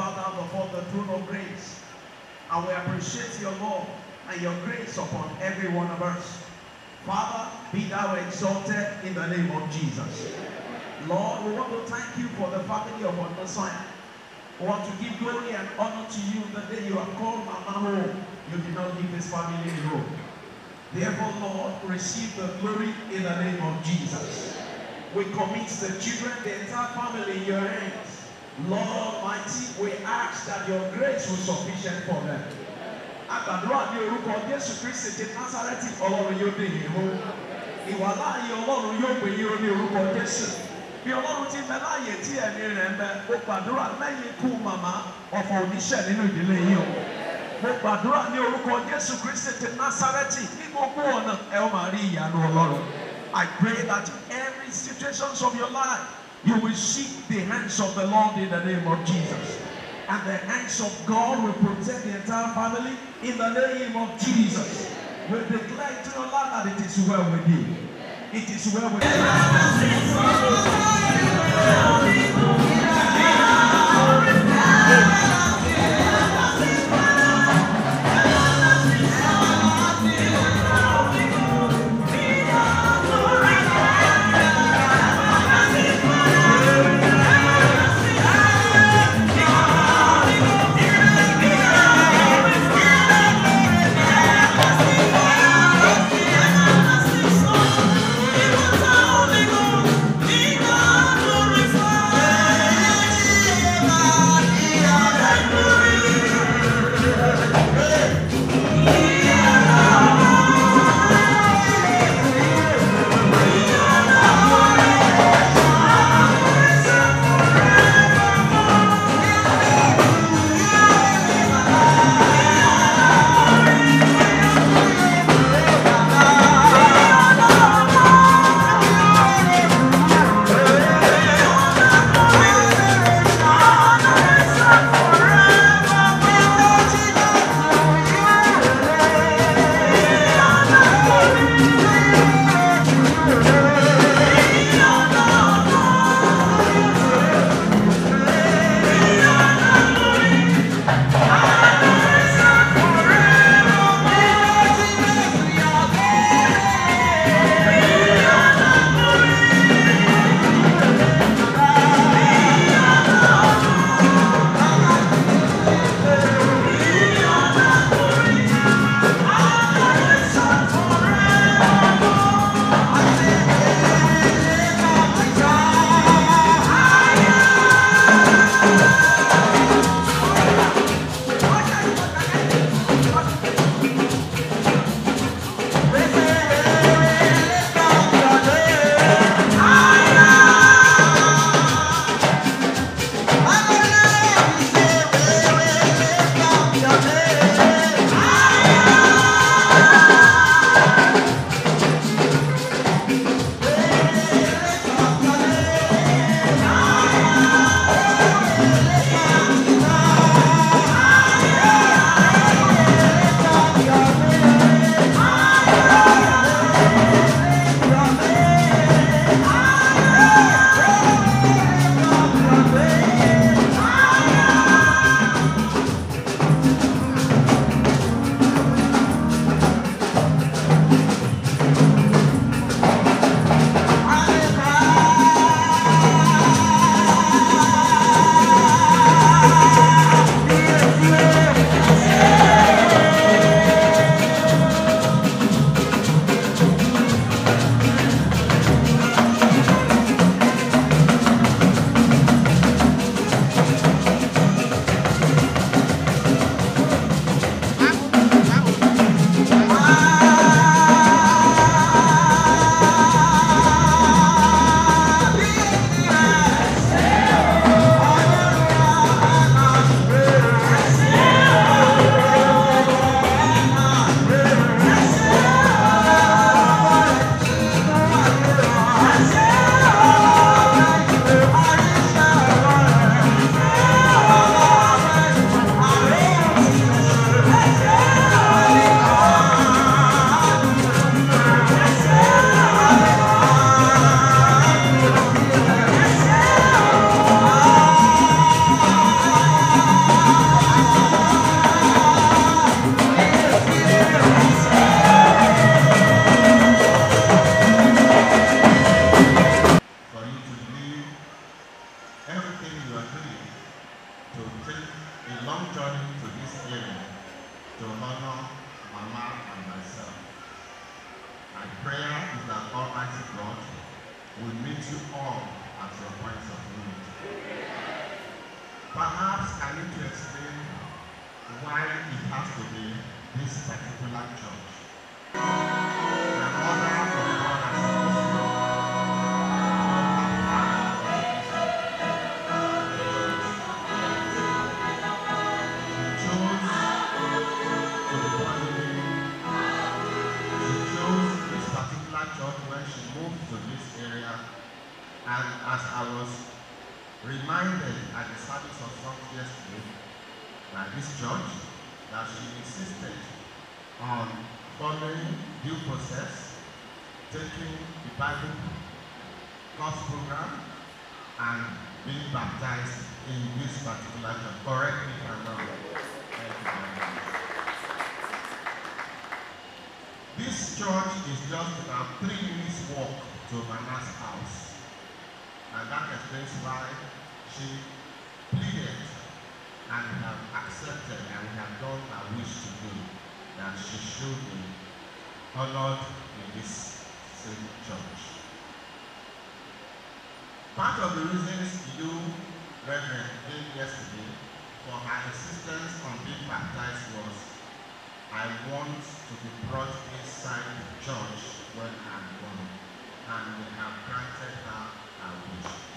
Father, before the throne of grace. And we appreciate your love and your grace upon every one of us. Father, be thou exalted in the name of Jesus. Lord, we want to thank you for the family of Messiah. We want to give glory and honor to you the day you have called Mama home. You did not leave this family alone. Therefore, Lord, receive the glory in the name of Jesus. We commit the children, the entire family in your hands. Lord mighty, we ask that your grace will sufficient for them. Àgbàdúrà ní orúkọ Jésù Kristi ti Násárẹ́tì Ọlọ́run yóò dé yìí mú. Ìwà láàyè Ọlọ́run yóò gbé yìí ní orúkọ Jésù. Bí Ọlọ́run ti bẹ láàyè tí ẹ̀mí rẹ̀ ń bẹ, mo gbàdúrà lẹ́yìn ikú màmá ọ̀fọ̀ oníṣẹ́ nínú ìdílé yìí o. Mo gbàdúrà ní orúkọ Jésù Kristi ti Násárẹ́tì ní gbogbo ọ̀nà ẹ ó máa rí ìyanu Ọlọ́run. I pray that every situation of your life You will seek the hands of the Lord in the name of Jesus. And the hands of God will protect the entire family in the name of Jesus. We declare to the Lord that it is well with you. It is well with you. this particular job. she insisted on following due process, taking the Bible course program, and being baptized in this particular church. Correct me if I'm wrong. This church is just about three minutes walk to Mana's house. And that explains why she and have accepted and have done her wish to do that she should be honored in this same church. Part of the reasons you, Reverend, gave yesterday for her insistence on being baptized was, I want to be brought inside the church when I'm born, and we have granted her wish.